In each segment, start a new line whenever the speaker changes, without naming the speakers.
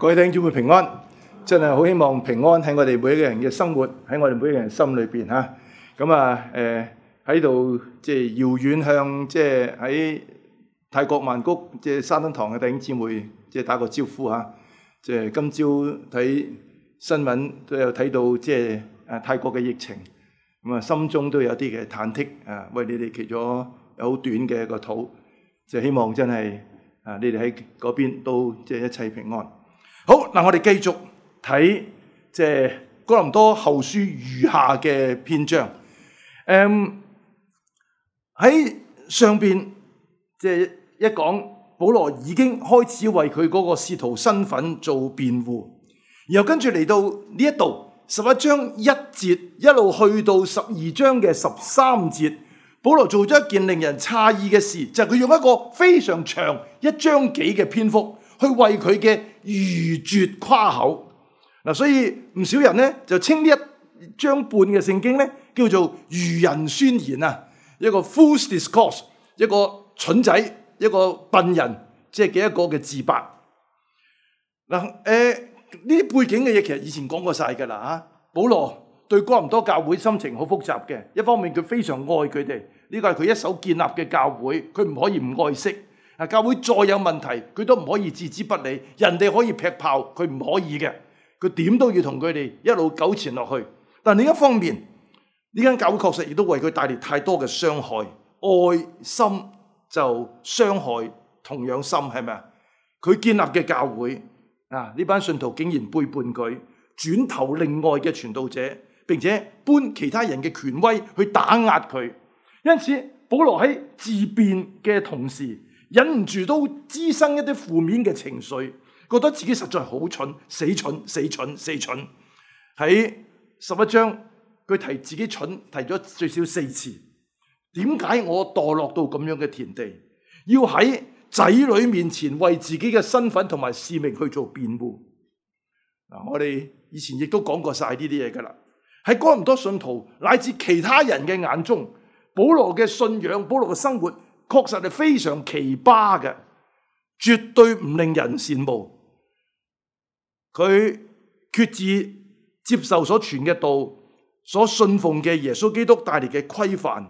各位弟兄姊妹平安，真係好希望平安喺我哋每一個人嘅生活，喺我哋每一個人的心裏邊嚇。咁啊誒喺度即係遙遠向即係喺泰國曼谷即係沙吞堂嘅弟兄姊妹即係打個招呼嚇、啊。即係今朝睇新聞都有睇到即係、啊、泰國嘅疫情、啊，心中都有啲嘅忐忑啊。為你哋祈咗有好短嘅一個禱，就希望真係、啊、你哋喺嗰邊都即係一切平安。好嗱，那我哋繼續睇即係哥林多後書餘下嘅篇章。誒、um,，喺上邊即係一講保羅已經開始為佢嗰個使徒身份做辯護，然後跟住嚟到呢一度十一章一節一路去到十二章嘅十三節，保羅做咗一件令人詫異嘅事，就係、是、佢用一個非常長一章幾嘅篇幅去為佢嘅。愚拙誇口所以唔少人就稱呢一張半嘅聖經叫做愚人宣言啊，一個 fools discourse，一個蠢仔，一個笨人，即係幾一個嘅自白。呢啲背景嘅嘢其實以前講過晒噶啦。保羅對哥林多教會心情好複雜嘅，一方面佢非常愛佢哋，呢個係佢一手建立嘅教會，佢唔可以唔愛惜。教會再有問題，佢都唔可以置之不理。人哋可以劈炮，佢唔可以嘅。佢點都要同佢哋一路糾纏落去。但另一方面，呢間教會確實亦都為佢帶嚟太多嘅傷害。愛心就傷害同樣深，係咪啊？佢建立嘅教會啊，呢班信徒竟然背叛佢，轉投另外嘅傳道者，並且搬其他人嘅權威去打壓佢。因此，保羅喺自辯嘅同時，忍唔住都滋生一啲負面嘅情緒，覺得自己實在好蠢，死蠢死蠢死蠢。喺十一章，佢提自己蠢，提咗最少四次。點解我墮落到咁樣嘅田地？要喺仔女面前為自己嘅身份同埋使命去做辯護？我哋以前亦都講過晒呢啲嘢噶啦。喺唔多信徒乃至其他人嘅眼中，保羅嘅信仰，保羅嘅生活。確實係非常奇葩嘅，絕對唔令人羨慕。佢決志接受所傳嘅道，所信奉嘅耶穌基督帶嚟嘅規範，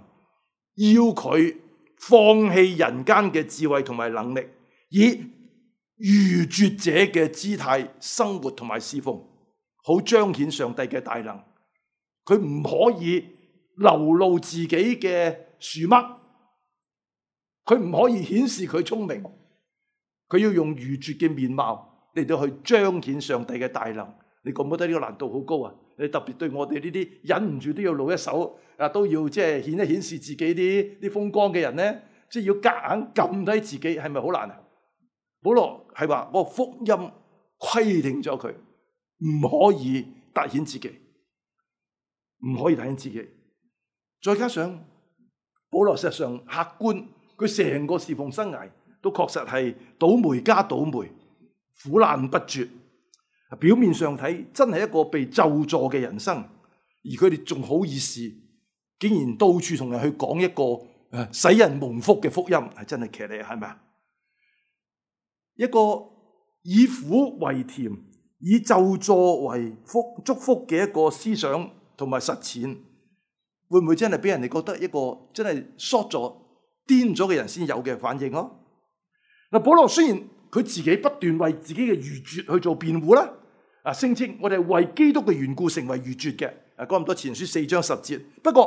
要佢放棄人間嘅智慧同埋能力，以愚拙者嘅姿態生活同埋侍奉，好彰顯上帝嘅大能。佢唔可以流露自己嘅醒目。佢唔可以顯示佢聰明，佢要用愚拙嘅面貌嚟到去彰顯上帝嘅大能。你覺唔覺得呢個難度好高啊？你特別對我哋呢啲忍唔住都要露一手啊，都要即係顯一顯示自己啲風風光嘅人呢，即係要夾硬撳低自己，係咪好難啊？保羅係話：我福音規定咗佢唔可以突顯自己，
唔可
以突顯自己。再加上保羅事實上客觀。佢成個侍奉生涯都確實係倒霉加倒霉，苦難不絕。表面上睇，真係一個被咒詛嘅人生，而佢哋仲好意思，竟然到處同人去講一個使人蒙福嘅福音，係真係騎呢？係咪？一個以苦為甜，以咒詛為福祝福嘅一個思想同埋實踐，會唔會真係俾人哋覺得一個真係 short 咗？癲咗嘅人先有嘅反應哦。嗱，保羅雖然佢自己不斷為自己嘅愚拙去做辯護啦，啊聲稱我哋為基督嘅緣故成為愚拙嘅。啊哥林多前書四章十節。不過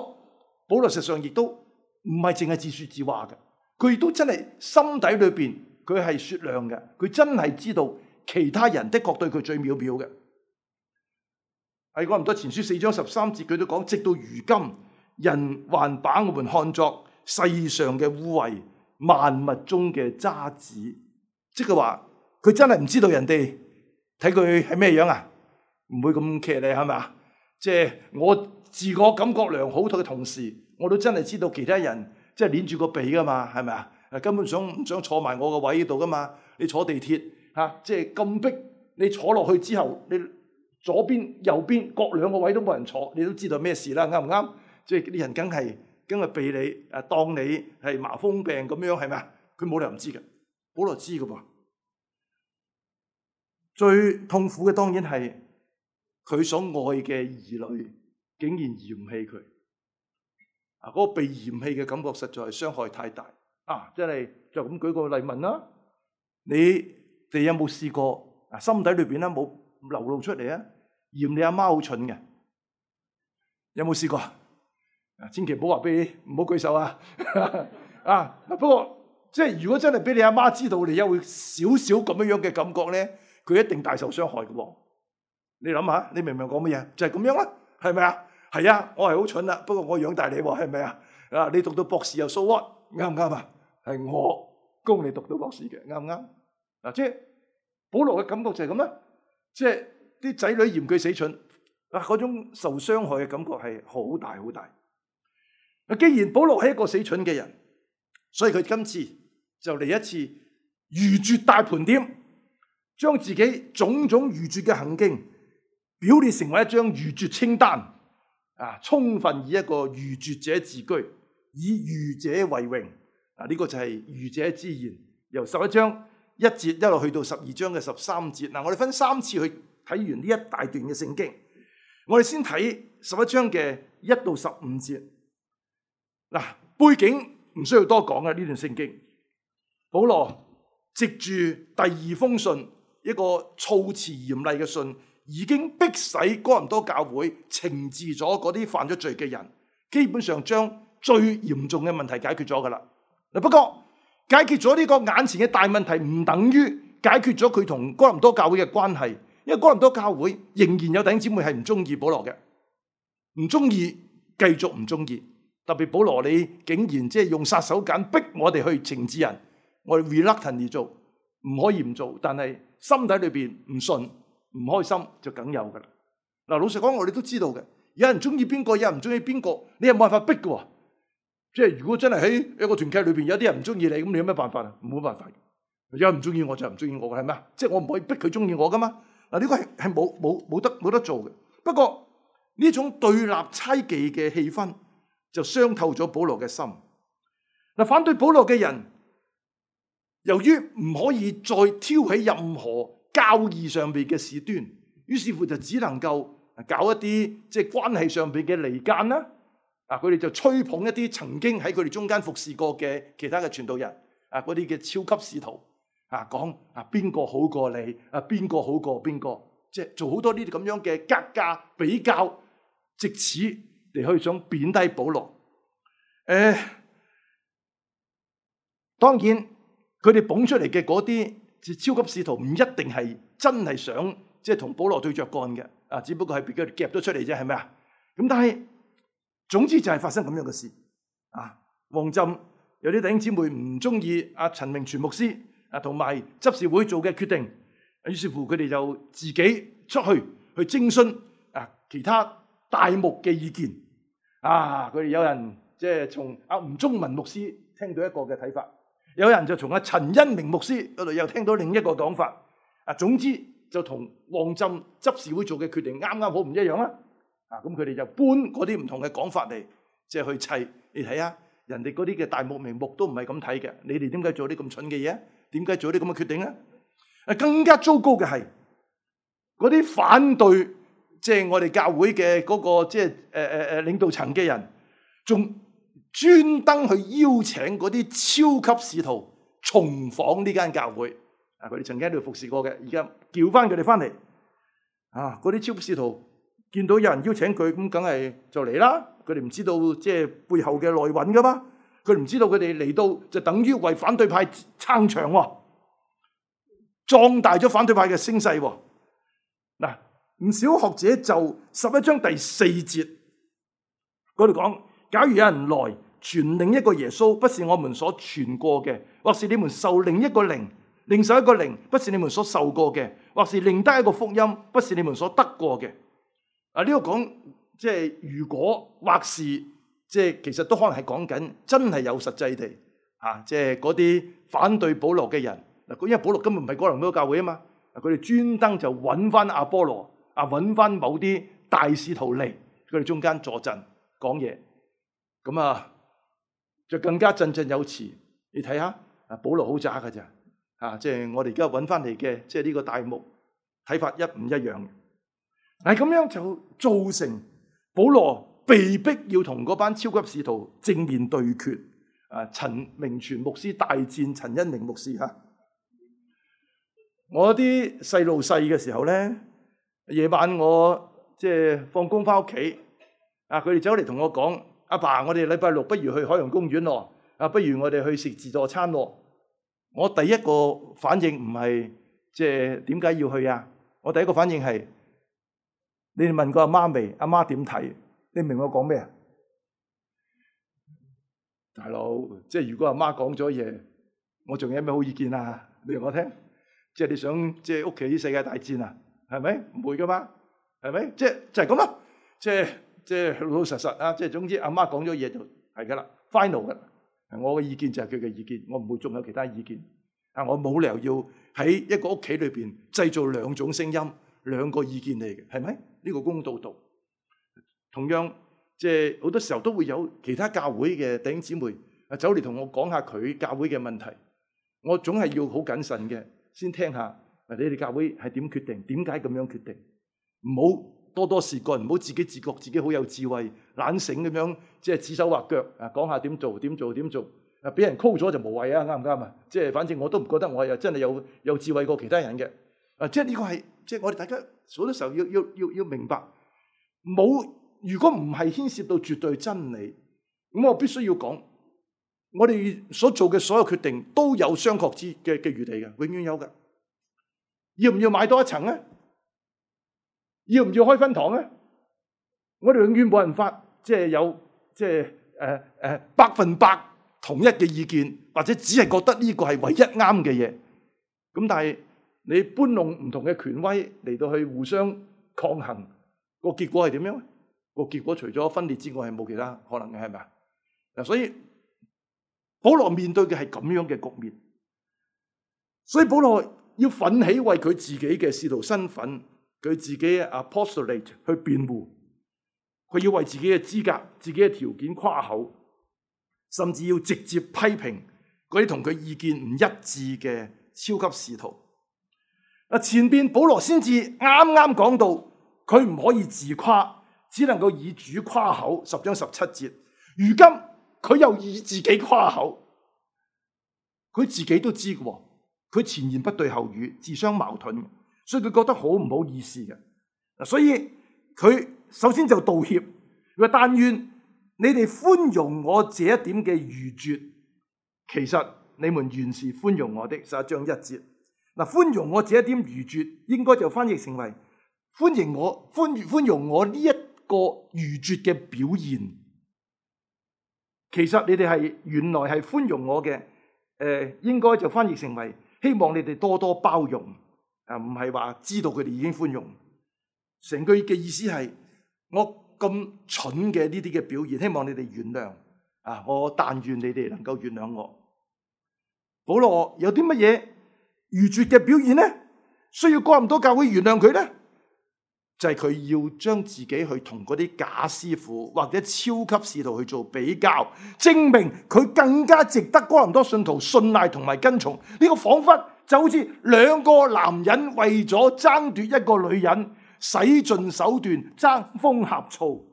保羅實上亦都唔係淨係自說自話嘅，佢亦都真係心底裏邊佢係雪亮嘅，佢真係知道其他人的確對佢最渺渺嘅。係哥林多前書四章十三節，佢都講直到如今，人還把我們看作。世上嘅污穢，萬物中嘅渣滓，即係話佢真係唔知道別人哋睇佢係咩樣啊？唔會咁騎呢係嘛？即係、就是、我自我感覺良好嘅同時，我都真係知道其他人即係捻住個鼻噶嘛？係咪根本想唔想坐埋我個位度噶嘛？你坐地鐵吓，即係咁逼，就是、你坐落去之後，你左邊右邊各兩個位都冇人坐，你都知道咩事啦？啱唔啱？即係啲人梗係。因為被你誒，當你係麻風病咁樣，係咪啊？佢冇理由唔知嘅，保羅知嘅噃。最痛苦嘅當然係佢所愛嘅兒女，竟然嫌棄佢。啊，嗰個被嫌棄嘅感覺實在係傷害太大。啊，真係就咁，是，舉個例子啦。你哋有冇試過？啊，心底裏面冇流露出嚟啊，嫌你阿媽好蠢嘅，有冇試過？千祈唔好話俾你，唔好舉手啊！ 啊，不過即係如果真係俾你阿媽知道，你有少少咁樣的嘅感覺咧，佢一定大受傷害嘅。你諗下，你明唔明講乜嘢？就係咁樣啦，係咪啊？係啊，我係好蠢啦。不過我養大你喎，係咪啊？你讀到博士又 so what，啱唔啱啊？係我供你讀到博士嘅，啱唔啱？即係保羅嘅感覺就係咁啦。即係啲仔女嫌佢死蠢，那嗰種受傷害嘅感覺係好大好大。很大。嗱，既然保羅係一個死蠢嘅人，所以佢今次就嚟一次愚拙大盤點，將自己種種愚拙嘅行徑，表列成為一張愚拙清單，啊，充分以一個愚拙者自居，以愚者為榮，這呢個就係愚者之言。由十一章一節一路去到十二章嘅十三節，我哋分三次去睇完呢一大段嘅聖經。我哋先睇十一章嘅一到十五節。背景唔需要多講啊！呢段聖經，保羅藉住第二封信，一個措辭嚴厲嘅信，已經迫使哥林多教會懲治咗嗰啲犯咗罪嘅人，基本上將最嚴重嘅問題解決咗㗎喇。不過解決咗呢個眼前的大問題，唔等於解決咗佢同哥林多教會嘅關係，因為哥林多教會仍然有弟兄姊妹係唔中意保羅嘅，唔中意，繼續唔中意特別保羅，你竟然即係用殺手鐧逼我哋去懲治人，我哋 reluctantly 做，唔可以唔做，但係心底裏面唔順、唔開心就梗有㗎喇。嗱，老實講，我哋都知道嘅，有人中意邊個，有人唔中意邊個，你又冇辦法逼嘅喎。即係如果真係喺一個團契裏面，有啲人唔中意你，咁你有咩辦法啊？冇辦法。有人唔中意我就係唔中意我嘅，係咩？即係我唔可以逼佢中意我㗎嘛。嗱，呢個係冇得做嘅。不過呢種對立猜忌嘅氣氛，就傷透咗保羅嘅心。嗱，反對保羅嘅人，由於唔可以再挑起任何交易上邊嘅事端，於是乎就只能夠搞一啲即係關係上邊嘅離間啦。啊，佢哋就吹捧一啲曾經喺佢哋中間服侍過嘅其他嘅傳道人啊，嗰啲嘅超級使徒啊，講啊，邊個好過你啊，邊個好過邊個，即係做好多呢啲咁樣嘅格價比較，直至。可去想貶低保羅，呃，當當然佢哋捧出嚟嘅嗰啲係超級使徒，唔一定係真係想即係同保羅對着幹嘅，只不過係俾佢哋夾咗出嚟啫，係咪啊？但係總之就係發生這樣嘅事啊！旺浸有啲弟兄姊妹唔中意阿陳明全牧師啊，同埋執事會做嘅決定，於是乎佢哋就自己出去去徵詢、啊、其他大牧嘅意見。啊！佢哋有人即係從阿吳忠文牧師聽到一個嘅睇法，有人就從阿陳恩明牧師嗰度又聽到另一個講法。啊，總之就同旺浸執事會做嘅決定啱啱好唔一樣啦。啊，咁佢哋就搬嗰啲唔同嘅講法嚟，即係去砌。你睇啊，人哋嗰啲嘅大牧明牧都唔係咁睇嘅。你哋點解做啲咁蠢嘅嘢？點解做啲咁嘅決定啊？啊，更加糟糕嘅係嗰啲反對。即、就、係、是、我哋教會嘅嗰個即係誒誒誒領導層嘅人，仲專登去邀請嗰啲超級使徒重訪呢間教會啊！佢哋曾經喺度服侍過嘅，而家叫翻佢哋翻嚟啊！嗰啲超級使徒見到有人邀請佢，咁梗係就嚟啦！佢哋唔知道即係背後嘅內蘊噶嘛？佢唔知道佢哋嚟到就等於為反對派撐場，啊，壯大咗反對派嘅聲勢嗱，啊。唔少學者就十一章第四節，佢哋講：假如有人來傳另一個耶穌，不是我們所傳過嘅；或是你們受另一個靈，另受一個靈，不是你們所受過嘅；或是另得一個福音，不是你們所得過嘅。啊、這個，呢個講即係如果，或是即係其實都可能係講緊真係有實際地吓、啊，即係嗰啲反對保羅嘅人嗱，因為保羅根本唔係嗰個基督教會啊嘛，佢哋專登就揾返阿波羅。啊！揾返某啲大使徒嚟，佢哋中間坐陣講嘢，咁啊就更加振振有詞。你睇下啊，保羅好渣嘅咋啊！即係我哋而家揾翻嚟嘅，即係呢個大牧，睇法一唔一樣？但係咁樣就造成保羅被迫要同嗰班超級使徒正面對決。陳明全牧師大戰陳恩明牧師啊！我啲細路細嘅時候呢。夜晚我、即係、放工返屋企，他們佢哋走嚟同我講，阿爸，我哋禮拜六不如去海洋公園咯，不如我哋去食自助餐。我第一個反應唔係即係點解要去啊？我第一個反應係你問過阿媽未？阿媽點睇？你明我講咩大佬，即係如果阿媽講咗嘢，我仲有咩好意見啊？你嚟我聽，即係你想即係屋企世界大戰啊？係咪唔會噶嘛？係咪即係就係咁咯？即係老老實實，即係總之阿媽講咗嘢就係噶啦，final 噶。我嘅意見就係佢嘅意見，我唔會仲有其他意見。但係我冇理由要喺一個屋企裏邊製造兩種聲音、兩個意見嚟嘅，係咪？呢、這個公道道。同樣，即係好多時候都會有其他教會嘅弟兄姊妹走嚟同我講下佢教會嘅問題，我總係要好謹慎嘅，先聽下。你哋教會係點決定？點解咁樣決定？唔好多多事幹，唔好自己自覺自己好有智慧、懶醒咁樣，即係指手畫腳啊！講下點做、點做、點做啊！俾人 call 咗就無謂啊，啱唔啱啊？即係反正我都唔覺得我又真係有有智慧過其他人嘅啊！即係呢個係即係我哋大家好多時候要要要要明白，冇如果唔係牽涉到絕對真理，咁我必須要講，我哋所做嘅所有決定都有商榷之嘅嘅餘地嘅，永遠有嘅。要唔要買多一層呢？要唔要開分堂呢？我哋永遠冇人發，即係有，即係呃呃、百分百統一嘅意見，或者只係覺得呢個係唯一啱嘅嘢。咁但係你搬弄唔同嘅權威嚟到去互相抗衡，個結果係點樣？個結果除咗分裂之外，係冇其他可能嘅，係咪？所以保羅面對嘅係咁樣嘅局面，所以保羅。要奮起為佢自己嘅使徒身份、佢自己的 apostolate 去辯護，佢要為自己嘅資格、自己嘅條件誇口，甚至要直接批評嗰啲同佢意見唔一致嘅超級使徒。前邊保羅先至啱啱講到佢唔可以自誇，只能夠以主誇口十章十七節。如今佢又以自己誇口，佢自己都知道喎。佢前言不對後語，自相矛盾，所以佢覺得好唔好意思嘅。所以佢首先就道歉，佢話：但願你哋寬容我這一點嘅愚拙。其實你們原是寬容我的，十一章一節。嗱，寬容我這一點愚拙，應該就翻譯成為歡迎我，寬寬容我呢一個愚拙嘅表現。其實你哋係原來係寬容我嘅，誒、呃，應該就翻譯成為。希望你哋多多包容，唔係話知道佢哋已經寬容。成句嘅意思係我咁蠢嘅呢啲嘅表現，希望你哋原諒。我但願你哋能夠原諒我。保羅有啲乜嘢愚拙嘅表現呢？需要咁多教會原諒佢呢？就是佢要將自己去同嗰啲假師傅或者超級信徒去做比較，證明佢更加值得哥倫多信徒信賴同埋跟從。呢個仿佛就好似兩個男人為咗爭奪一個女人，使盡手段爭風呷醋。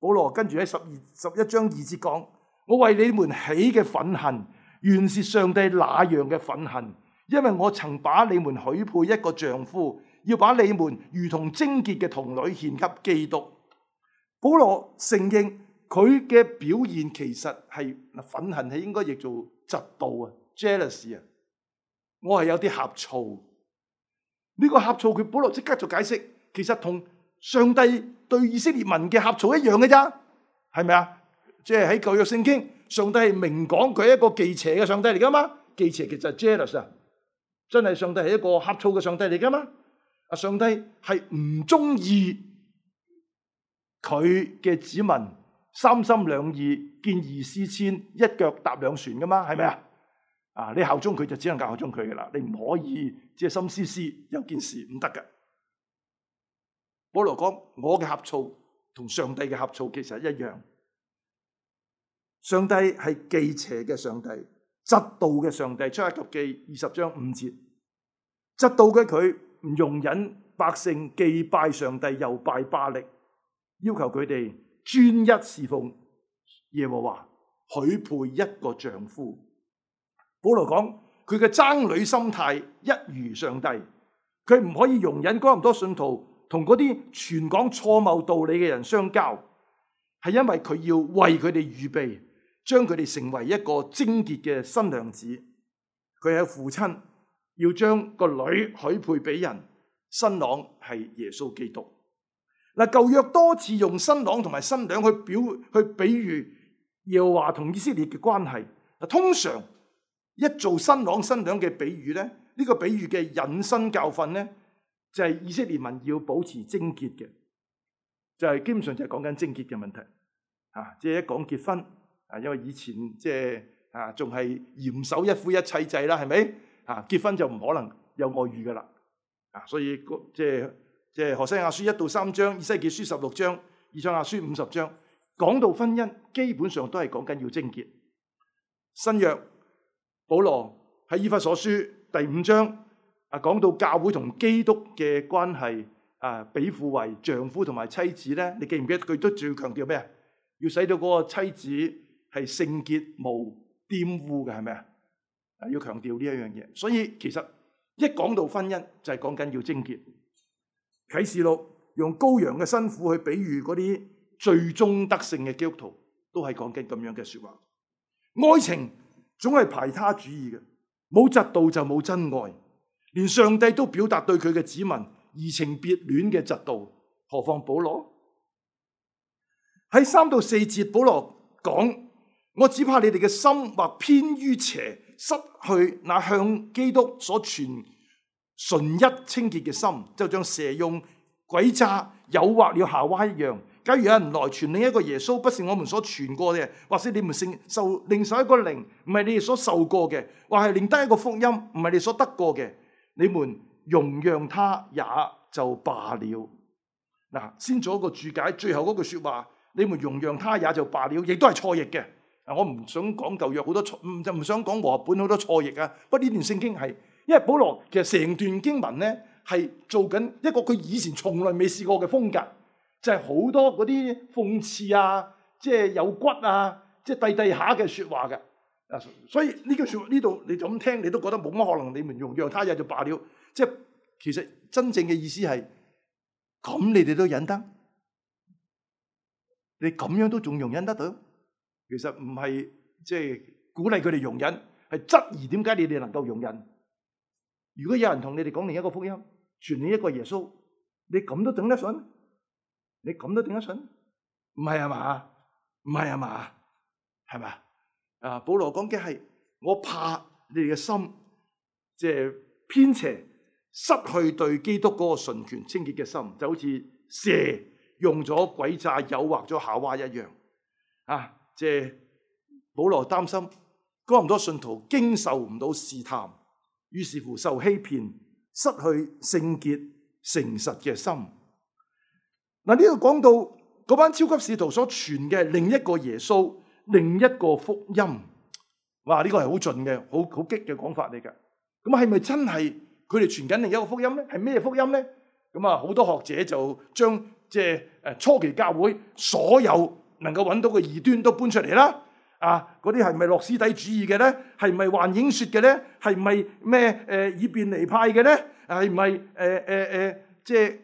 保羅跟住喺十二十一章二節講：我為你們起嘅憤恨，原是上帝那樣嘅憤恨，因為我曾把你們許配一個丈夫。要把你們如同貞潔嘅童女獻給基督。保羅承認佢嘅表現其實係憤恨，係應該譯做嫉妒啊，jealous 啊。我係有啲呷醋。呢個呷醋，佢保羅即刻就解釋，其實同上帝對以色列民嘅呷醋一樣嘅咋，係咪啊？即係喺舊約聖經，上帝係明講佢係一個忌邪嘅上帝嚟噶嘛，忌邪其實係 jealous 啊，真係上帝係一個呷醋嘅上帝嚟噶嘛。啊！上帝係唔中意佢嘅子民三心兩意、見異思遷、一腳踏兩船噶嘛？係咪啊？啊！你效忠佢就只能夠效忠佢噶啦，你唔可以只係心思思有件事唔得嘅。保羅講，我嘅呷醋同上帝嘅呷醋其實是一樣。上帝係忌邪嘅上帝，嫉妒嘅上帝。出埃及記二十章五節，嫉妒嘅佢。唔容忍百姓既拜上帝又拜巴力，要求佢哋專一侍奉耶和華，許配一個丈夫。保羅講佢嘅爭女心態一如上帝，佢唔可以容忍咁多信徒同嗰啲傳講錯謬道理嘅人相交，係因為佢要為佢哋預備，將佢哋成為一個貞潔嘅新娘子。佢係父親。要將個女許配俾人，新郎係耶穌基督。嗱，舊約多次用新郎同埋新娘去表去比喻，又話同以色列嘅關係。通常一做新郎新娘嘅比喻咧，呢、這個比喻嘅引申教訓咧，就係以色列民要保持貞潔嘅，就係、是、基本上就係講緊貞潔嘅問題。啊，即、就、係、是、一講結婚啊，因為以前即、就、係、是、啊，仲係嚴守一夫一妻制啦，係咪？啊！結婚就唔可能有外遇㗎喇！啊，所以個即係即係何西亞書一到三章，以西結書十六章，以賽亞書五十章，講到婚姻基本上都係講緊要貞潔。新約保羅喺以弗所書第五章啊，講到教會同基督嘅關係啊，比附為丈夫同埋妻子咧。你記唔記得佢都最強調咩？要使到嗰個妻子係聖潔無玷污嘅，係咪啊？要強調呢一樣嘢，所以其實一講到婚姻，就係講緊要貞潔。啟示錄用羔羊的新婦去比喻嗰啲最終得勝的基督徒，都係講緊咁樣的說話。愛情總係排他主義的，冇嫉妒就冇真愛。連上帝都表達對佢嘅子民移情別戀的嫉妒，何況保羅？喺三到四節，保羅講：我只怕你哋嘅心或偏於邪。失去那向基督所傳純一清潔嘅心，就像蛇用鬼詐誘惑了夏娃一樣。假如有人來傳另一個耶穌，不是我們所傳過嘅，或者你們承受另受一個靈，唔係你哋所受過嘅，或係另得一個福音，唔係你們所得過嘅，你們容讓他也就罷了。先做一個注解，最後嗰句說話，你們容讓他也就罷了，亦都係錯譯嘅。我唔想講舊約好多錯，就唔想講和合本好多錯譯啊！不過呢段聖經係，因為保羅其實成段經文呢係做緊一個佢以前從來未試過嘅風格，就係、是、好多嗰啲諷刺啊，即係有骨啊，即係低低下嘅説話嘅。啊，所以呢句説話呢度你就咁聽，你都覺得冇乜可能，你們容忍他也就罷了。即係其實真正嘅意思係，咁你哋都忍得，你咁樣都仲容忍得到？其實唔係即係鼓勵佢哋容忍，係質疑點解你哋能夠容忍？如果有人同你哋講另一個福音，傳你一個耶穌，你咁都頂得順？你咁都頂得順？唔係啊嘛？唔係啊嘛？係嘛？啊！保羅講嘅係我怕你哋嘅心，即係偏邪，失去對基督嗰個純全清潔嘅心，就好似蛇用咗鬼詐誘惑咗夏娃一樣啊！即係保羅擔心，那麼多信徒經受唔到試探，於是乎受欺騙，失去聖潔誠實的心。嗱呢度、個、講到嗰班超級使徒所傳的另一個耶穌，另一個福音。哇！這個是好盡的好好激的講法嚟㗎，那是不是真的他們傳緊另一個福音呢？是咩福音呢？那麼好多學者就將即係誒初期教會所有。能夠揾到個異端都搬出嚟啦、啊！啊，嗰啲係咪諾斯底主義嘅咧？係咪幻影説嘅咧？係咪咩誒以便尼派嘅咧？係咪誒誒誒即係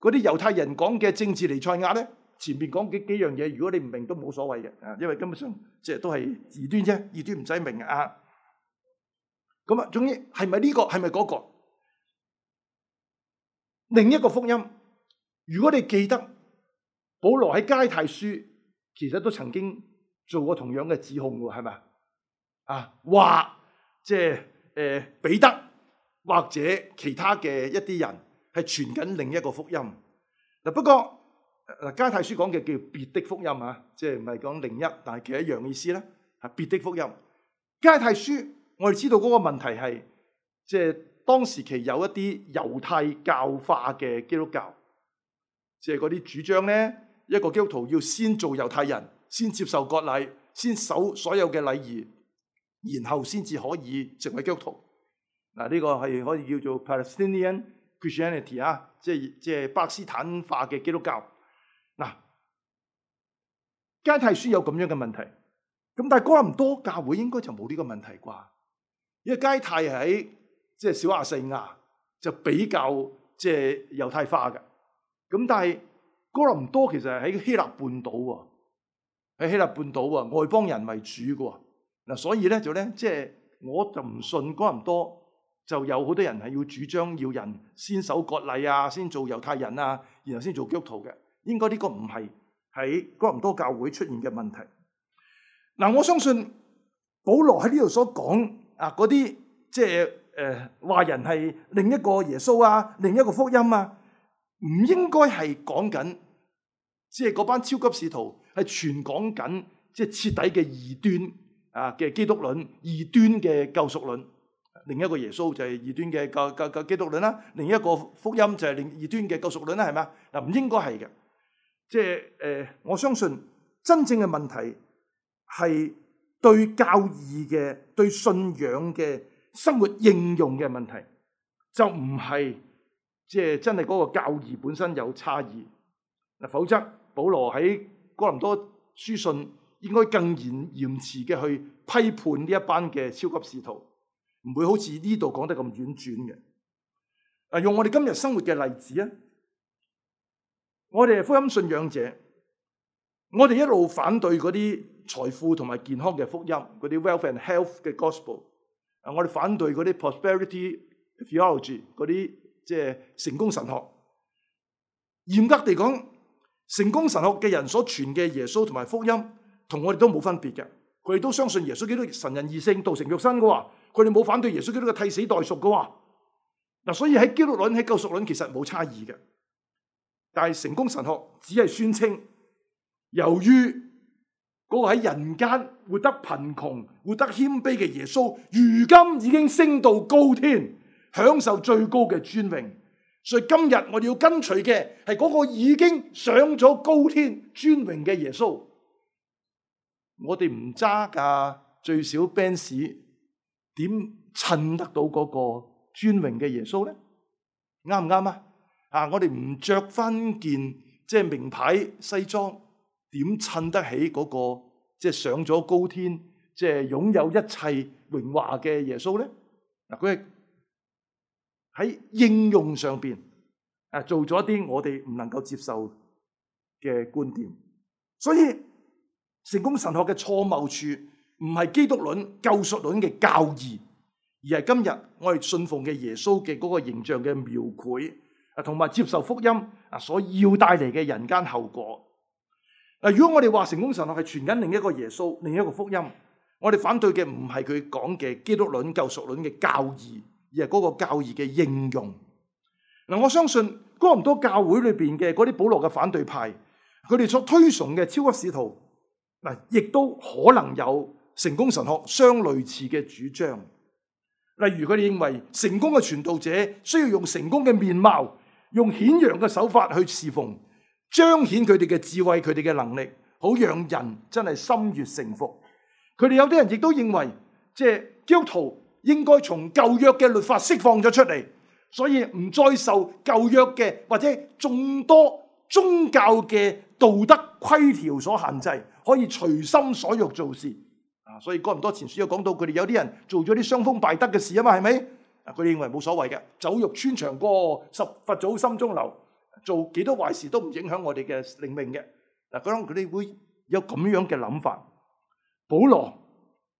嗰啲猶太人講嘅政治彌賽亞呢？前面講幾幾樣嘢，如果你唔明都冇所謂嘅啊，因為根本上、即係、都係異端啫，異端唔使明啊！咁啊，總之係咪呢個？係咪嗰個？另一個福音，如果你記得。保羅喺加泰書其實都曾經做過同樣嘅指控嘅，係咪啊？話即、就是誒、呃、彼得，或者其他嘅一啲人係傳緊另一個福音。不過嗱加、啊、泰書講嘅叫別的福音啊，即係唔係講另一，但係其實一樣意思啦。係、啊、別的福音。加泰書我哋知道嗰個問題係即係、就是、當時期有一啲猶太教化嘅基督教，即、就是嗰啲主張咧。一個基督徒要先做猶太人，先接受割禮，先守所有嘅禮儀，然後先至可以成為基督徒。嗱，呢個係可以叫做 Palestinian Christianity 啊，即係即係巴斯坦化嘅基督教。嗱，加太書有咁樣嘅問題，咁但係哥林多教會應該就冇呢個問題啩？因為加太喺即係小亞細亞，就比較即係猶太化嘅，咁但係。哥林多其實係喺希臘半島喎，喺希臘半島外邦人為主嘅喎，所以呢，就呢，即我就唔信哥林多就有好多人係要主張要人先守割禮啊，先做猶太人啊，然後先做基督徒嘅，應該呢個唔係喺哥林多教會出現嘅問題。嗱，我相信保羅喺呢度所講啊，嗰啲即係話人係另一個耶穌啊，另一個福音啊。唔應該係講緊，即係嗰班超級使徒係全講緊，即係徹底嘅異端啊嘅基督論，異端嘅救贖論。另一個耶穌就係異端嘅基督論啦，另一個福音就係另異端嘅救贖論啦，係嘛？嗱，唔應該係嘅。即係誒，我相信真正嘅問題係對教義嘅、對信仰嘅生活應用嘅問題，就唔係。即係真係嗰個教義本身有差異，嗱，否則保羅喺哥林多書信應該更嚴嚴詞嘅去批判呢一班嘅超級使徒，唔會好似呢度講得咁婉轉嘅。嗱、啊、用我哋今日生活嘅例子啊，我哋係福音信仰者，我哋一路反對嗰啲財富同埋健康嘅福音，嗰啲 wealth and health 嘅 gospel，啊我哋反對嗰啲 prosperity theology 嗰啲。即係成功神學，嚴格地講，成功神學嘅人所傳嘅耶穌同埋福音，同我哋都冇分別嘅。佢哋都相信耶穌基督神人二性道成肉身嘅話，佢哋冇反對耶穌基督嘅替死代贖嘅話。所以喺基督論，喺救贖論其實冇差異嘅。但係成功神學只係宣稱，由於嗰個喺人間活得貧窮、活得謙卑嘅耶穌，如今已經升到高天。享受最高嘅尊榮，所以今日我哋要跟隨嘅係嗰個已經上咗高天尊榮嘅耶穌。我哋唔揸架最少奔馳，點襯得到嗰個尊榮嘅耶穌呢？啱唔啱啊？我哋唔着返件名牌西裝，點襯得起嗰個即係上咗高天、即係擁有一切榮華嘅耶穌呢？嗱，佢。喺應用上面做咗一啲我哋唔能夠接受嘅觀點，所以成功神學嘅錯謬處唔係基督論救贖論嘅教義，而係今日我哋信奉嘅耶穌嘅嗰個形象嘅描繪，啊同埋接受福音啊所要帶嚟嘅人間後果。如果我哋話成功神學係傳緊另一個耶穌，另一個福音，我哋反對嘅唔係佢講嘅基督論救贖論嘅教義。而係嗰個教義嘅應用。我相信哥林多教會裏面嘅嗰啲保羅嘅反對派，佢哋所推崇嘅超級使徒，嗱，亦都可能有成功神學相類似嘅主張。例如佢哋認為成功嘅傳道者需要用成功嘅面貌，用顯揚嘅手法去侍奉，彰顯佢哋嘅智慧，佢哋嘅能力，好讓人真係心悅誠服。佢哋有啲人亦都認為，即係基督徒。應該從舊約嘅律法釋放咗出嚟，所以唔再受舊約嘅或者眾多宗教嘅道德規條所限制，可以隨心所欲做事。啊，所以哥林多前書有講到佢哋有啲人做咗啲傷風敗德嘅事啊嘛，係咪？啊，佢哋認為冇所謂嘅，酒肉穿腸過，十佛祖心中留，做幾多壞事都唔影響我哋嘅靈命嘅。嗱，可能佢哋會有咁樣嘅諗法。保羅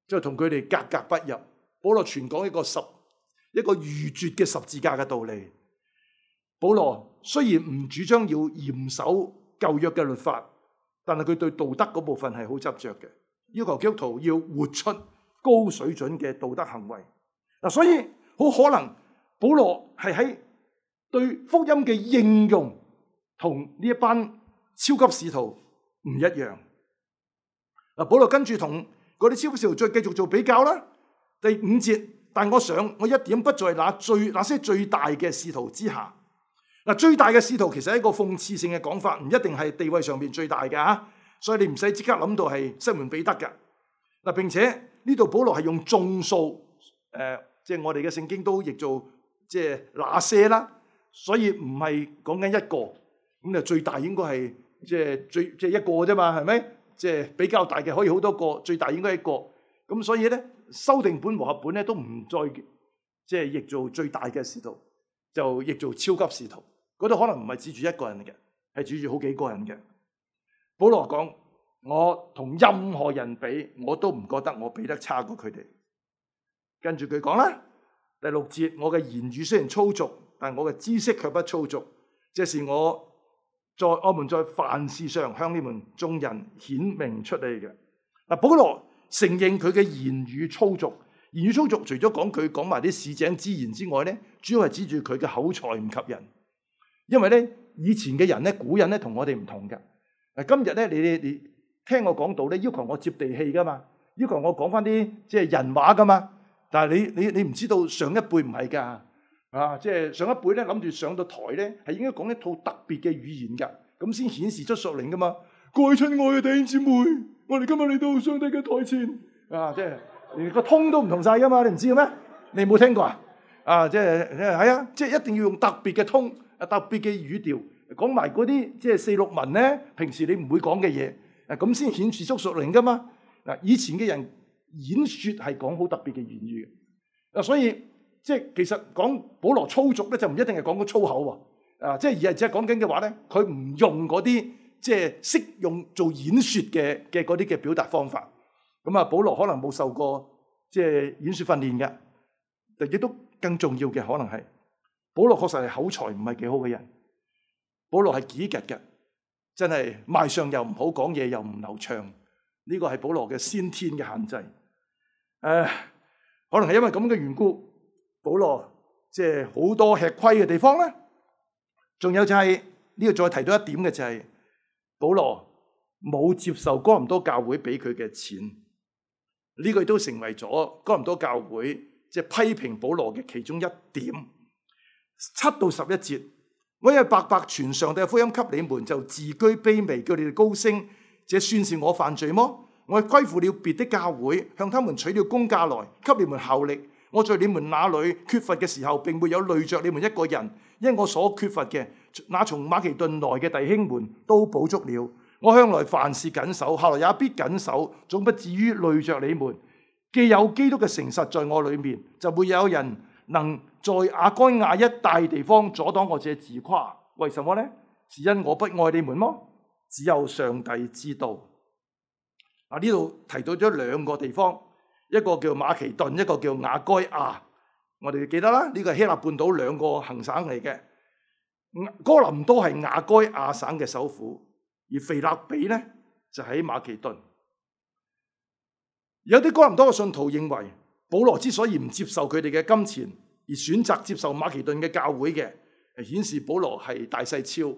就同佢哋格格不入。保羅傳講一個十一個愚拙嘅十字架嘅道理。保羅雖然唔主張要嚴守舊約嘅律法，但係佢對道德嗰部分係好執着嘅，要求基督徒要活出高水準嘅道德行為。所以好可能保羅係喺對福音嘅應用同呢一班超級使徒唔一樣。保羅着跟住同嗰啲超級使徒再繼續做比較啦。第五節，但我想，我一點不在那最那些最大嘅使徒之下。嗱，最大嘅使徒其實係一個諷刺性嘅講法，唔一定係地位上面最大嘅吓。所以你唔使即刻諗到係西門彼得嘅。嗱，並且呢度保羅係用眾數，即、呃、係、就是、我哋嘅聖經都譯做即係、就是、那些啦。所以唔係講緊一個咁，最大應該係即係最即係一個啫嘛，係咪？即、就、係、是、比較大嘅可以好多個，最大應該係一個咁，所以呢。修訂本和合本咧都唔再即係譯做最大嘅使徒，就譯做超級使徒。嗰度可能唔係指住一個人嘅，係指住好幾個人嘅。保羅講：我同任何人比，我都唔覺得我比得比他差過佢哋。跟住佢講啦，第六節：我嘅言語雖然粗俗，但我嘅知識卻不粗俗，這是我在我們在凡事上向你們眾人顯明出嚟嘅。嗱，保羅。承認佢嘅言語粗俗，言語粗俗，除咗講佢講埋啲市井之言之外呢，主要係指住佢嘅口才唔及人。因為呢，以前嘅人呢，古人呢同我哋唔同嘅。今日呢，你你聽我講道呢，要求我接地氣噶嘛，要求我講返啲即係人話噶嘛。但係你你你唔知道上一輩唔係噶，啊，即係上一輩呢，諗住上到台呢，係應該講一套特別嘅語言噶，咁先顯示出索領噶嘛。各位親愛嘅弟兄姊妹。我哋今日嚟到上帝嘅台前啊，即係連個通都唔同曬噶、啊啊啊、嘛，你唔知嘅咩？你冇聽過啊？啊，即係即係啊，即係一定要用特別嘅通，特別嘅語調講埋嗰啲即係四六文咧，平時你唔會講嘅嘢，咁先顯示足屬靈噶嘛。以前嘅人演説係講好特別嘅言語嘅，所以即係其實講保羅粗俗咧，就唔一定係講個粗口喎。啊，即係而係只係講緊嘅話咧，佢唔用嗰啲。即係識用做演說嘅嘅嗰啲嘅表達方法，咁啊保羅可能冇受過即係演說訓練嘅，但亦都更重要嘅可能係保羅確實係口才唔係幾好嘅人，保羅係幾夾嘅，真係賣相又唔好，講嘢又唔流暢，呢個係保羅嘅先天嘅限制。誒，可能係因為咁嘅緣故，保羅即係好多吃虧嘅地方咧。仲有就係呢個再提到一點嘅就係、是。保羅冇接受哥林多教會俾佢嘅錢，呢個亦都成為咗哥林多教會即批評保羅嘅其中一點。七到十一節。嗯、我因為白白傳上帝嘅福音給你們，就自居卑微，叫你哋高升。這算是我犯罪嗎？我係歸附了別的教會，向他們取了工價來給你們效力。我在你們那裏缺乏嘅時候，並沒有累着你們一個人，因我所缺乏嘅。那從馬其頓來嘅弟兄們都補足了。我向來凡事謹守，後來也必謹守，總不至於累着你們。既有基督嘅誠實在我裏面，就會有人能在亞該亞一帶地方阻擋我這自，自誇。為什麼呢？是因我不愛你們麼？只有上帝知道。嗱，呢度提到咗兩個地方，一個叫馬其頓，一個叫亞該亞。我哋記得啦，呢個係希臘半島兩個行省嚟嘅。哥林多係亞該亞省嘅首府，而腓立比呢就喺馬其頓。有啲哥林多嘅信徒認為保羅之所以唔接受佢哋嘅金錢，而選擇接受馬其頓嘅教會嘅，顯示保羅係大細超，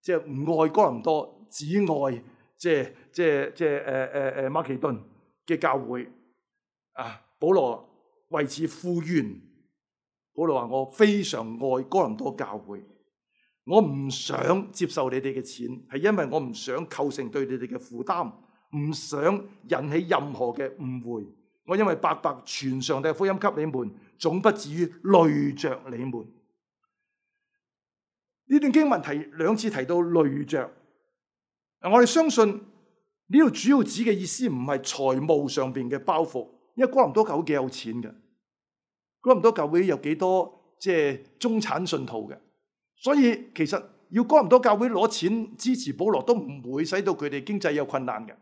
即係唔愛哥林多，只愛即係即係即係誒誒誒馬其頓嘅教會。啊，保羅為此呼冤。保羅話：我非常愛哥林多教會。我唔想接受你哋嘅錢，係因為我唔想構成對你哋嘅負擔，唔想引起任何嘅誤會。我因為白白傳上帝福音給你們，總不至於累着你們。呢段經文提兩次提到累着，我哋相信呢度主要指嘅意思唔係財務上面嘅包袱，因為哥林多教會幾有錢嘅，哥林多教會有幾多即係、就是、中產信徒嘅。所以其實要哥林多教會攞錢支持保羅都唔會使到佢哋經濟有困難嘅。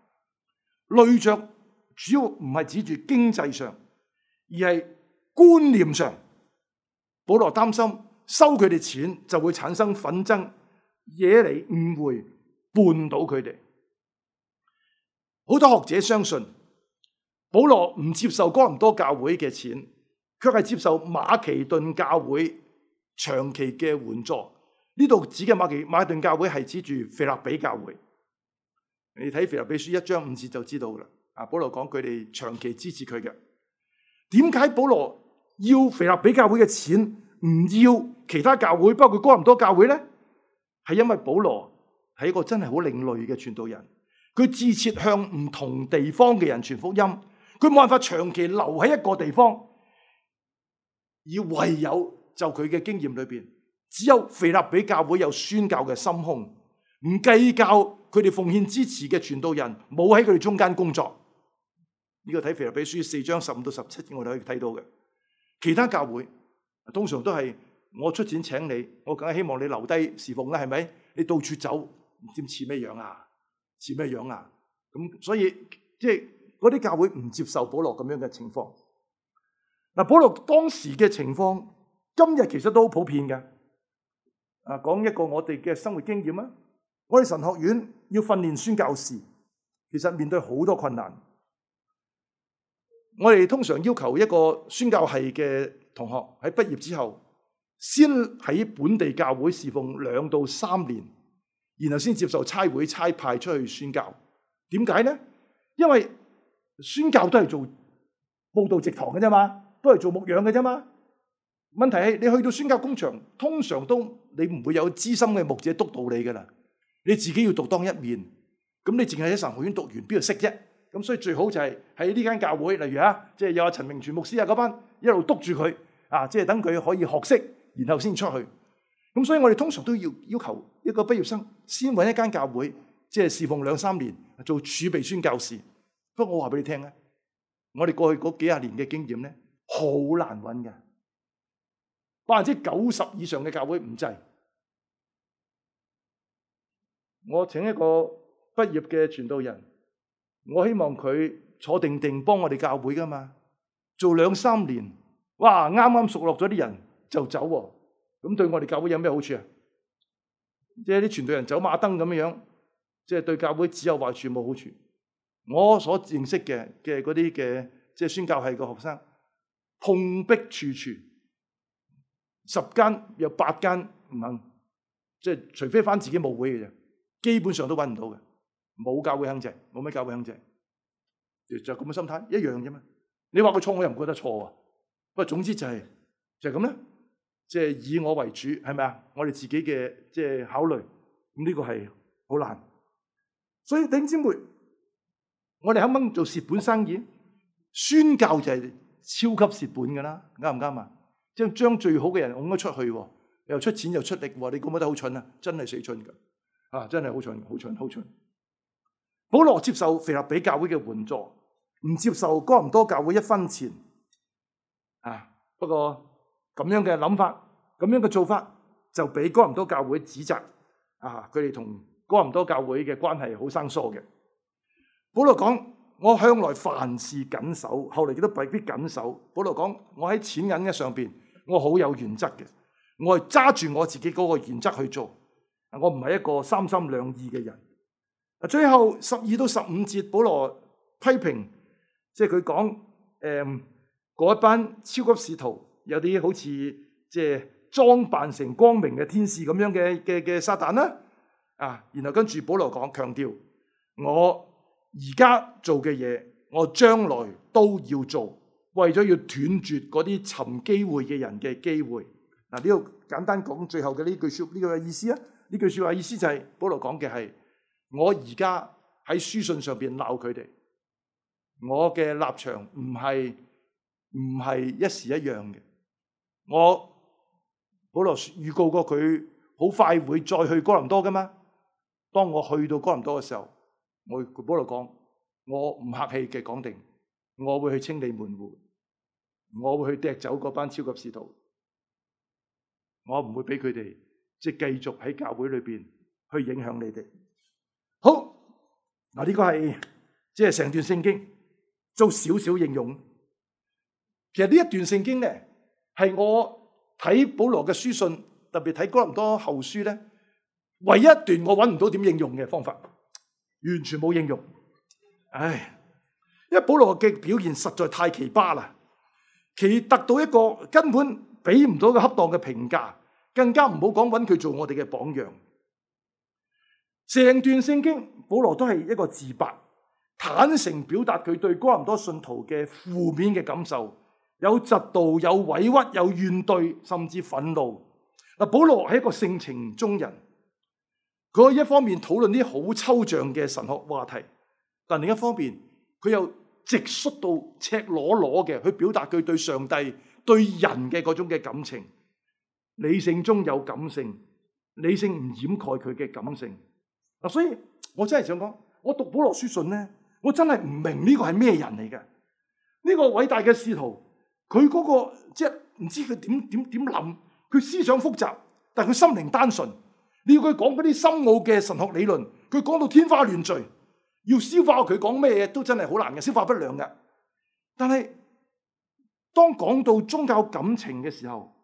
累著主要唔係指住經濟上，而係觀念上。保羅擔心收佢哋錢就會產生紛爭，惹嚟誤會，絆倒佢哋。好多學者相信保羅唔接受哥林多教會嘅錢，卻係接受馬其頓教會。長期嘅援助，呢度指嘅馬其馬頓教會係指住腓立比教會。你睇腓立比書一章五節就知道喇。阿保羅講佢哋長期支持佢嘅，點解保羅要腓立比教會嘅錢，唔要其他教會，包括哥林多教會呢？係因為保羅係一個真係好另類嘅傳道人，佢自設向唔同地方嘅人傳福音，佢冇辦法長期留喺一個地方，而唯有。就佢嘅經驗裏邊，只有腓立比教會有宣教嘅心胸，唔計較佢哋奉獻支持嘅傳道人冇喺佢哋中間工作。呢個睇腓立比書四章十五到十七，我哋可以睇到嘅。其他教會通常都係我出錢請你，我梗係希望你留低侍奉啦，係咪？你到處走，唔知似咩樣啊？似咩樣啊？咁所以即係嗰啲教會唔接受保羅咁樣嘅情況。嗱，保羅當時嘅情況。今日其實都好普遍嘅，啊，講一個我哋嘅生活經驗啦。我哋神學院要訓練宣教士，其實面對好多困難。我哋通常要求一個宣教系嘅同學喺畢業之後，先喺本地教會侍奉兩到三年，然後先接受差會差派出去宣教。點解咧？因為宣教都係做佈道植堂嘅啫嘛，都係做牧養嘅啫嘛。問題係你去到宣教工場，通常都你唔會有資深嘅牧者督到你噶啦，你自己要獨當一面。咁你淨係喺神學院讀完邊度識啫？咁所以最好就係喺呢間教會，例如啊，即係有阿陳明全牧師啊嗰班一路督住佢啊，即係等佢可以學識，然後先出去。咁所以我哋通常都要要求一個畢業生先搵一間教會，即係侍奉兩三年做儲備宣教士。不過我話俾你聽啊，我哋過去嗰幾十年嘅經驗咧，好難搵嘅。百分之九十以上嘅教會唔制，我請一個畢業嘅傳道人，我希望佢坐定定幫我哋教會㗎嘛，做兩三年哇，哇啱啱熟落咗啲人就走喎，咁對我哋教會有咩好處啊？即係啲傳道人走馬燈咁樣，即係對教會只有壞處冇好處。我所認識嘅那嗰啲嘅即係宣教係嘅學生，碰壁處處。十間有八間唔肯，即係除非返自己母會嘅啫，基本上都揾唔到嘅，冇教會興濟，冇咩教會興濟，就咁嘅心態，一樣啫嘛。你話佢錯，我又唔覺得錯喎，不過，總之就係就係咁啦，即係以我為主，係咪啊？我哋自己嘅即係考慮，咁呢個係好難。所以弟兄姊妹，我哋肯唔肯做蝕本生意？宣教就係超級蝕本㗎啦，啱唔啱啊？將將最好嘅人拱咗出去，又出錢又出力，你估唔估得好蠢,蠢的啊？真係死蠢噶，啊，真係好蠢，好蠢，好蠢！保羅接受腓立比教會嘅援助，唔接受哥林多教會一分錢，啊，不過咁樣嘅諗法，咁樣嘅做法，就俾哥林多教會指責，啊，佢哋同哥林多教會嘅關係好生疏嘅。保羅講：我向來凡事謹守，後嚟佢都未必謹守。保羅講：我喺錢銀嘅上面。」我好有原則嘅，我係揸住我自己嗰個原則去做。我唔係一個三心兩意嘅人。最後十二到十五節，保羅批評，即係佢講嗰一班超級使徒有啲好似即係裝扮成光明嘅天使咁樣嘅嘅嘅撒旦啊，然後跟住保羅講，強調我而家做嘅嘢，我將來都要做。為咗要斷絕嗰啲尋機會嘅人嘅機會，嗱，呢度簡單講最後嘅呢句說呢、呢個意思啊？呢句說話意思就係、是、保羅講嘅係：我而家喺書信上邊鬧佢哋，我嘅立場唔係唔係一時一樣嘅。我保羅預告過佢好快會再去哥林多㗎嘛？當我去到哥林多嘅時候，我保羅講，我唔客氣嘅講定，我會去清理門戶。我會去踢走嗰班超級使徒，我唔會俾佢哋即係繼續喺教會裏面去影響你哋。好，嗱呢個係即係成段聖經做少少應用。其實呢一段聖經呢，係我睇保羅嘅書信，特別睇哥林多後書呢，唯一一段我搵唔到點應用嘅方法，完全冇應用。唉，因為保羅的表現實在太奇葩啦。其得到一個根本俾唔到嘅恰當嘅評價，更加唔好講揾佢做我哋嘅榜樣。成段聖經，保羅都係一個自白，坦誠表達佢對哥林多信徒嘅負面嘅感受，有嫉妒、有委屈、有怨對，甚至憤怒。保羅係一個性情中人，佢可以一方面討論啲好抽象嘅神學話題，但另一方面佢又，他有直率到赤裸裸嘅去表達佢對上帝、對人嘅嗰種嘅感情，理性中有感性，理性唔掩蓋佢嘅感性。嗱，所以我真係想講，我讀保羅書信咧，我真係唔明呢個係咩人嚟嘅？呢、這個偉大嘅使徒，佢嗰、那個即係唔知佢點點點諗，佢思想複雜，但係佢心靈單純。你要佢講嗰啲深奧嘅神學理論，佢講到天花亂墜。要消化佢講咩嘢都真係好難嘅，消化不良嘅。但係當講到宗教感情嘅時候，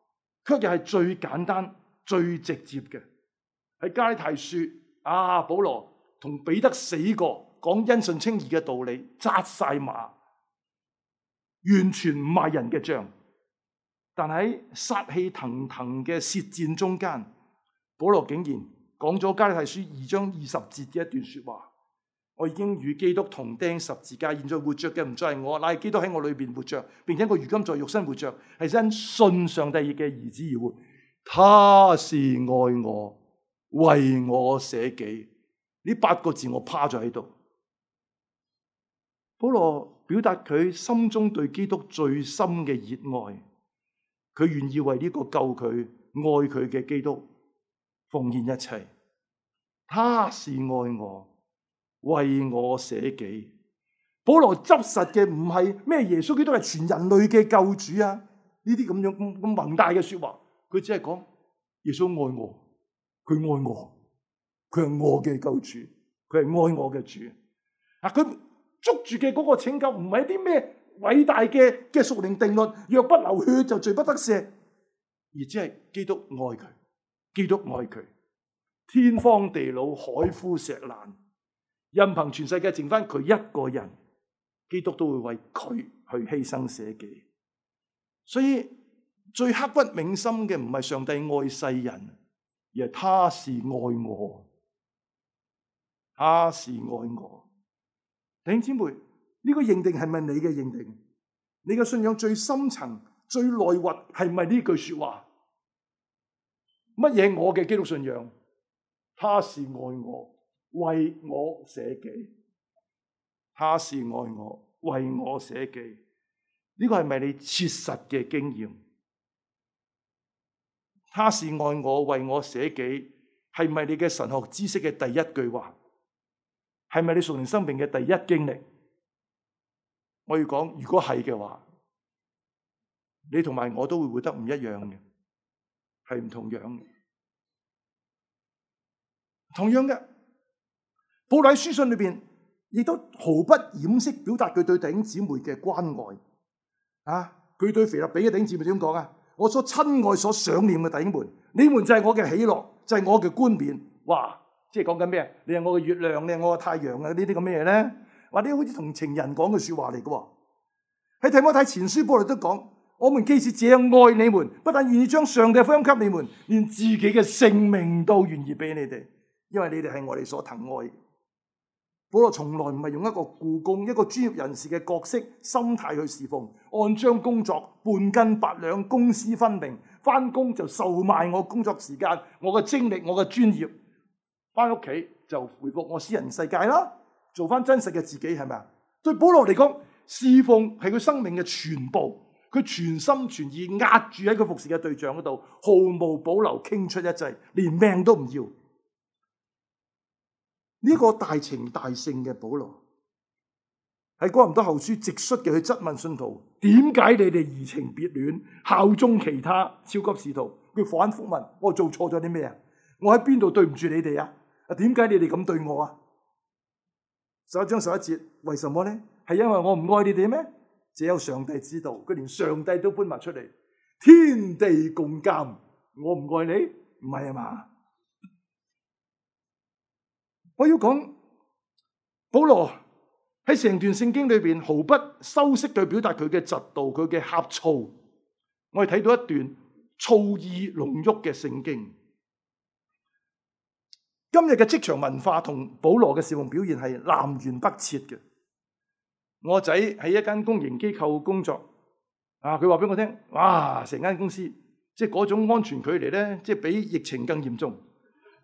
卻又係最簡單、最直接嘅。喺加拉太書啊，保羅同彼得死過，講因信稱義嘅道理，紮晒馬，完全唔賣人嘅賬。但係喺殺氣騰騰嘅舌戰中間，保羅竟然講咗加拉太書二章二十節嘅一段說話。我已經與基督同釘十字架，現在活着嘅唔再係我，乃係基督喺我裏面活着，並且佢如今在肉身活着，係因信上帝嘅兒子而活。他是愛我，為我捨己。呢八個字我趴咗喺度。保羅表達佢心中對基督最深嘅熱愛，佢願意為呢個救佢、愛佢嘅基督奉獻一切。他是愛我。為我捨己，保羅執實嘅唔係咩耶穌基督係全人類嘅救主啊！呢啲咁樣咁宏大嘅說話，佢只係講耶穌愛我，佢愛我，佢係我嘅救主，佢係愛我嘅主。啊，佢捉住嘅嗰個拯救唔係啲咩偉大嘅嘅屬靈定律，若不流血就罪不得赦，而只係基督愛佢，基督愛佢，天荒地老，海枯石爛。任憑全世界剩翻佢一個人，基督都會為佢去犧牲捨己。所以最刻骨銘心嘅唔係上帝愛世人，而係他是愛我，他是愛我。弟兄姊妹，呢個認定係咪你嘅認定？你嘅信仰最深層、最內核係咪呢句說話？乜嘢我嘅基督信仰？他是愛我。為我捨己，他是愛我，為我捨己。呢、這個係咪你切實嘅經驗？他是愛我，為我捨己，係咪你嘅神學知識嘅第一句話？係咪你屬靈生命嘅第一經歷？我要講，如果係嘅話，你同埋我都會活得唔一樣嘅，係唔同樣嘅，同樣嘅。保羅喺書信裏面亦都毫不掩飾表達佢對弟兄姊妹的關愛。啊，佢對腓立比嘅弟兄姊妹點講啊？我所親愛、所想念的弟兄們，你們就是我的喜樂，就是我的冠冕。哇，即是講什麼？你是我的月亮，你是我的太陽啊！這是什麼呢啲咁咩咧？或者好似同情人講的說話來嘅。喺我帖前書保羅都講，我們既是這樣愛你們，不但願意將上帝嘅福音給你們，連自己的性命都願意俾你們，因為你們是我哋所疼愛。保羅從來唔係用一個僱工、一個專業人士嘅角色、心態去侍奉，按章工作，半斤八兩，公私分明。返工就售賣我工作時間、我嘅精力、我嘅專業；返屋企就回復我私人世界啦，做翻真實嘅自己，係咪啊？對保羅嚟講，侍奉係佢生命嘅全部，佢全心全意壓住喺佢服侍嘅對象嗰度，毫無保留傾出一切，連命都唔要。這個大情大性的保羅，喺哥林多後書直率的去質問信徒：為什麼你哋移情別戀、效忠其他超級使徒？他反覆問：我做錯了什麼？我在哪裏對不住你們啊？啊，點解你們這樣對我啊？十一章十一節，為什麼呢？是因為我不愛你們嗎？只有上帝知道。佢連上帝都搬埋出來，天地共鑒。我唔愛你，唔係啊嘛。我要講保羅喺成段聖經裏面毫不修飾地表達佢嘅嫉妒、佢嘅呷醋，我哋睇到一段醋意濃郁嘅聖經。今日嘅職場文化同保羅嘅侍奉表現係南轅北轍嘅。我仔喺一間公營機構工作，啊，佢話俾我聽，哇，成間公司即係嗰種安全距離呢，即係比疫情更嚴重。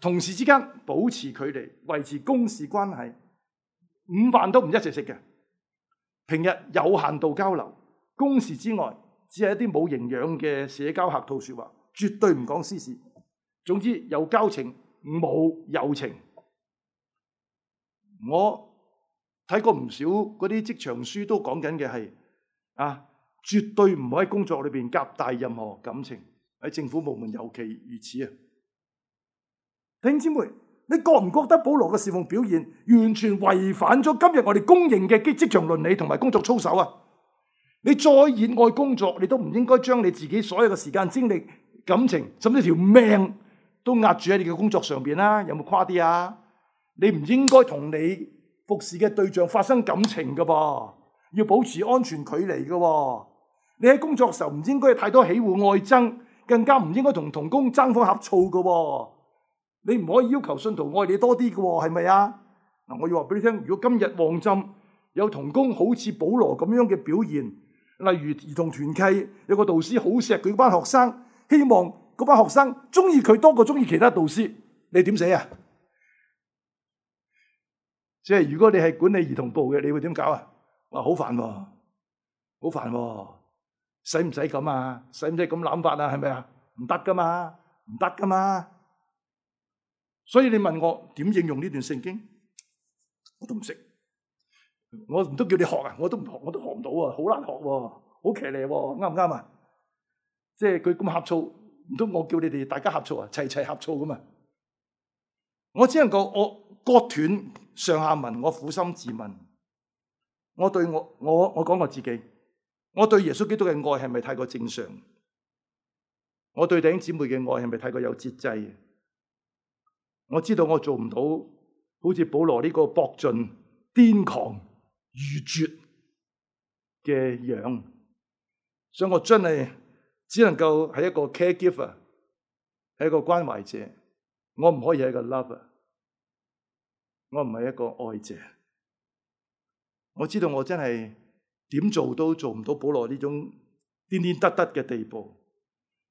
同事之間保持距離，維持公事關係，午飯都唔一齊食嘅。平日有限度交流，公事之外只係一啲冇營養嘅社交客套説話，絕對唔講私事。總之有交情冇友情。我睇過唔少嗰啲職場書都講緊嘅係啊，絕對唔可以喺工作裏面夾帶任何感情。喺政府部門尤其如此啊！弟兄姊妹，你覺唔覺得保羅嘅侍奉表現完全違反咗今日我哋公認嘅職職場倫理同埋工作操守啊？你再熱愛工作，你都唔應該將你自己所有嘅時間、精力、感情，甚至條命都壓住喺你嘅工作上面啊。有冇誇張啲啊？你唔應該同你服侍嘅對象發生感情噶噃，要保持安全距離噶。你喺工作時候唔應該有太多喜怒愛憎，更加唔應該同同工爭風呷醋噶。你唔可以要求信徒愛你多啲㗎喎，係咪啊？我要話俾你聽，如果今日旺浸有同工好似保羅噉樣嘅表現，例如兒童團契有個導師好錫佢班學生，希望嗰班學生中意佢多過中意其他導師，你點死啊？即係如果你係管理兒童部嘅，你會點搞啊？哇，好煩，好煩，使唔使咁啊？使唔使噉諗法啊？係咪啊？唔得㗎嘛，唔得㗎嘛。所以你問我點應用呢段聖經，我都唔識。我唔都叫你學啊，我都唔學，我都學唔到啊，好難學喎，好騎呢喎，啱唔啱啊？即係佢咁呷醋，唔通我叫你哋大家呷醋啊？齊齊呷醋咁啊？我只能夠我割斷上下文，我苦心自問，我對我我我講我自己，我對耶穌基督嘅愛係咪太過正常？我對弟兄姊妹嘅愛係咪太過有節制？我知道我做唔到好似保羅呢個博盡、癲狂、預絕嘅樣，所以我真係只能夠係一個 care giver，係一個關懷者。我唔可以係一個 lover，我唔係一個愛者。我知道我真係點做都做唔到保羅呢種癲癲得得嘅地步。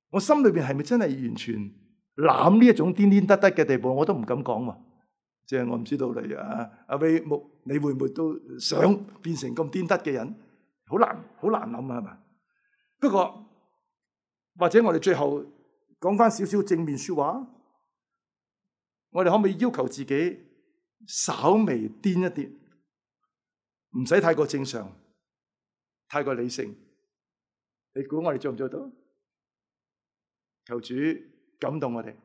我心裏面係咪真係完全？諗呢一種癲癲得得嘅地步，我都唔敢講喎。即係我唔知道你啊，阿威木，你會唔會都想變成咁癲得嘅人？好難，好難諗啊，係咪？不過或者我哋最後講返少少正面説話，我哋可唔可以要求自己稍微癲一啲，唔使太過正常，太過理性？你估我哋做唔做到？求主。感動我哋。